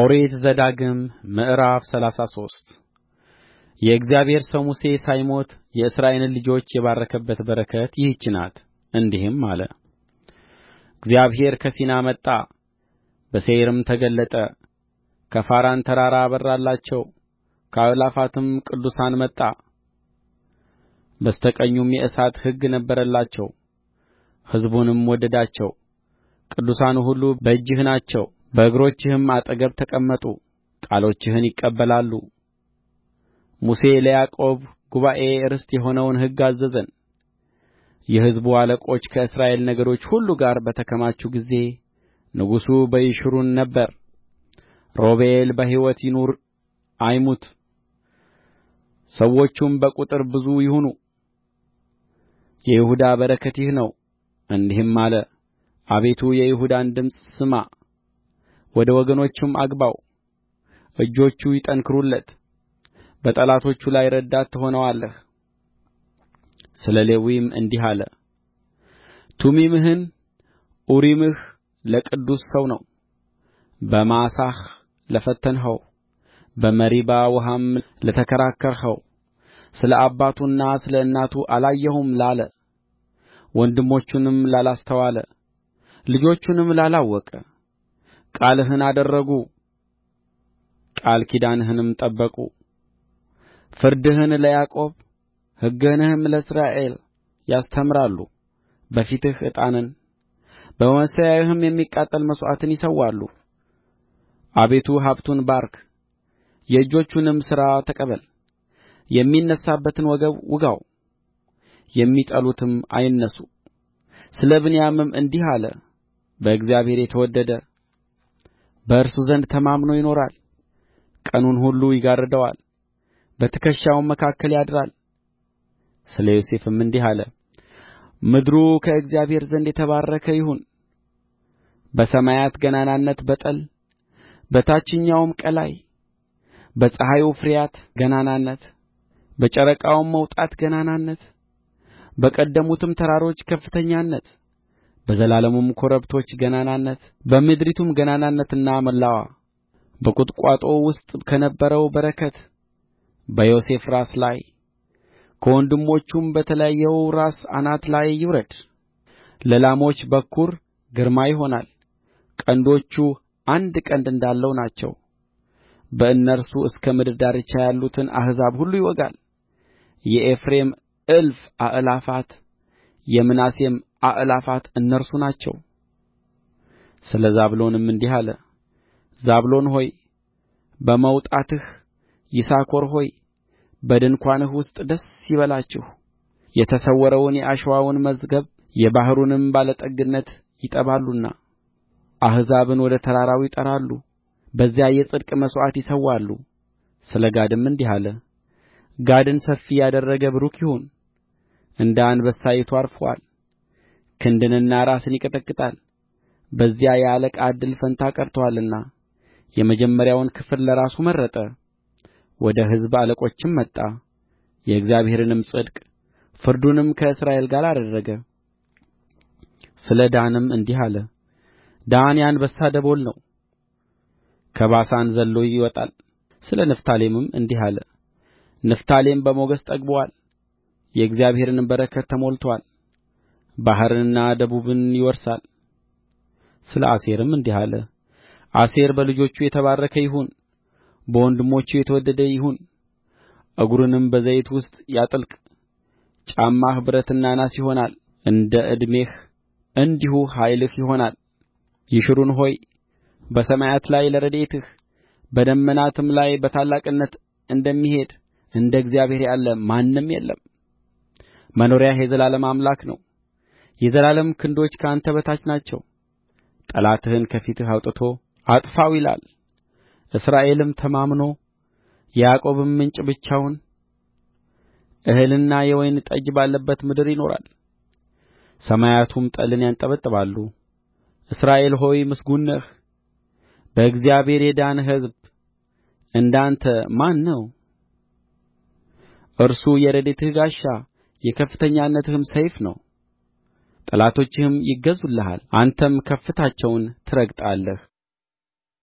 ኦሪት ዘዳግም ምዕራፍ ሰላሳ ሶስት የእግዚአብሔር ሰው ሙሴ ሳይሞት የእስራኤልን ልጆች የባረከበት በረከት ይህች ናት። እንዲህም አለ። እግዚአብሔር ከሲና መጣ፣ በሴይርም ተገለጠ። ከፋራን ተራራ አበራላቸው፣ ከአእላፋትም ቅዱሳን መጣ። በስተቀኙም የእሳት ሕግ ነበረላቸው፣ ሕዝቡንም ወደዳቸው። ቅዱሳኑ ሁሉ በእጅህ ናቸው በእግሮችህም አጠገብ ተቀመጡ ቃሎችህን ይቀበላሉ ሙሴ ለያዕቆብ ጉባኤ ርስት የሆነውን ሕግ አዘዘን የሕዝቡ አለቆች ከእስራኤል ነገዶች ሁሉ ጋር በተከማቹ ጊዜ ንጉሡ በይሹሩን ነበር ሮቤል በሕይወት ይኑር አይሙት ሰዎቹም በቍጥር ብዙ ይሁኑ የይሁዳ በረከት ይህ ነው እንዲህም አለ አቤቱ የይሁዳን ድምፅ ስማ ወደ ወገኖቹም አግባው እጆቹ ይጠንክሩለት በጠላቶቹ ላይ ረዳት ትሆነዋለህ ስለ ሌዊም እንዲህ አለ ቱሚምህን ኡሪምህ ለቅዱስ ሰው ነው በማሳህ ለፈተንኸው በመሪባ ውኃም ለተከራከርኸው ስለ አባቱና ስለ እናቱ አላየሁም ላለ ወንድሞቹንም ላላስተዋለ ልጆቹንም ላላወቀ ቃልህን አደረጉ ቃል ኪዳንህንም ጠበቁ ፍርድህን ለያዕቆብ ሕግህንም ለእስራኤል ያስተምራሉ በፊትህ ዕጣንን በመሠዊያህም የሚቃጠል መሥዋዕትን ይሠዋሉ አቤቱ ሀብቱን ባርክ የእጆቹንም ሥራ ተቀበል የሚነሣበትን ወገብ ውጋው የሚጠሉትም አይነሡ ስለ ብንያምም እንዲህ አለ በእግዚአብሔር የተወደደ በእርሱ ዘንድ ተማምኖ ይኖራል ቀኑን ሁሉ ይጋርደዋል በትከሻውም መካከል ያድራል ስለ ዮሴፍም እንዲህ አለ ምድሩ ከእግዚአብሔር ዘንድ የተባረከ ይሁን በሰማያት ገናንነት በጠል በታችኛውም ቀላይ በፀሐዩ ፍሬያት ገናንነት በጨረቃውም መውጣት ገናንነት በቀደሙትም ተራሮች ከፍተኛነት በዘላለሙም ኮረብቶች ገናንነት በምድሪቱም ገናንነትና ሞላዋ በቍጥቋጦው ውስጥ ከነበረው በረከት በዮሴፍ ራስ ላይ ከወንድሞቹም በተለየው ራስ አናት ላይ ይውረድ ለላሞች በኵር ግርማ ይሆናል ቀንዶቹ አንድ ቀንድ እንዳለው ናቸው በእነርሱ እስከ ምድር ዳርቻ ያሉትን አሕዛብ ሁሉ ይወጋል የኤፍሬም እልፍ አእላፋት የምናሴም አእላፋት እነርሱ ናቸው ስለ ዛብሎንም እንዲህ አለ ዛብሎን ሆይ በመውጣትህ ይሳኮር ሆይ በድንኳንህ ውስጥ ደስ ይበላችሁ የተሰወረውን የአሸዋውን መዝገብ የባሕሩንም ባለጠግነት ይጠባሉና አሕዛብን ወደ ተራራው ይጠራሉ በዚያ የጽድቅ መሥዋዕት ይሠዋሉ ስለ ጋድም እንዲህ አለ ጋድን ሰፊ ያደረገ ቡሩክ ይሁን እንደ አንበሳይቱ ዐርፎአል ክንድንና ራስን ይቀጠቅጣል በዚያ የአለቃ እድል ፈንታ ቀርቶአልና የመጀመሪያውን ክፍል ለራሱ መረጠ ወደ ሕዝብ አለቆችም መጣ የእግዚአብሔርንም ጽድቅ ፍርዱንም ከእስራኤል ጋር አደረገ ስለ ዳንም እንዲህ አለ ዳን የአንበሳ ደቦል ነው ከባሳን ዘሎ ይወጣል ስለ ንፍታሌምም እንዲህ አለ ንፍታሌም በሞገስ ጠግቦአል የእግዚአብሔርንም በረከት ተሞልቶአል ባሕርንና ደቡብን ይወርሳል ስለ አሴርም እንዲህ አለ አሴር በልጆቹ የተባረከ ይሁን በወንድሞቹ የተወደደ ይሁን እግሩንም በዘይት ውስጥ ያጥልቅ ጫማህ ብረትና ናስ ይሆናል እንደ ዕድሜህ እንዲሁ ኃይልህ ይሆናል ይሹሩን ሆይ በሰማያት ላይ ለረድኤትህ በደመናትም ላይ በታላቅነት እንደሚሄድ እንደ እግዚአብሔር ያለ ማንም የለም መኖሪያህ የዘላለም አምላክ ነው የዘላለም ክንዶች ከአንተ በታች ናቸው ጠላትህን ከፊትህ አውጥቶ አጥፋው ይላል እስራኤልም ተማምኖ የያዕቆብም ምንጭ ብቻውን እህልና የወይን ጠጅ ባለባት ምድር ይኖራል ሰማያቱም ጠልን ያንጠበጥባሉ። እስራኤል ሆይ ምስጉን ነህ በእግዚአብሔር የዳነ ሕዝብ እንደ አንተ ማን ነው እርሱ የረድኤትህ ጋሻ የከፍተኛነትህም ሰይፍ ነው ጠላቶችህም ይገዙልሃል አንተም ከፍታቸውን ትረግጣለህ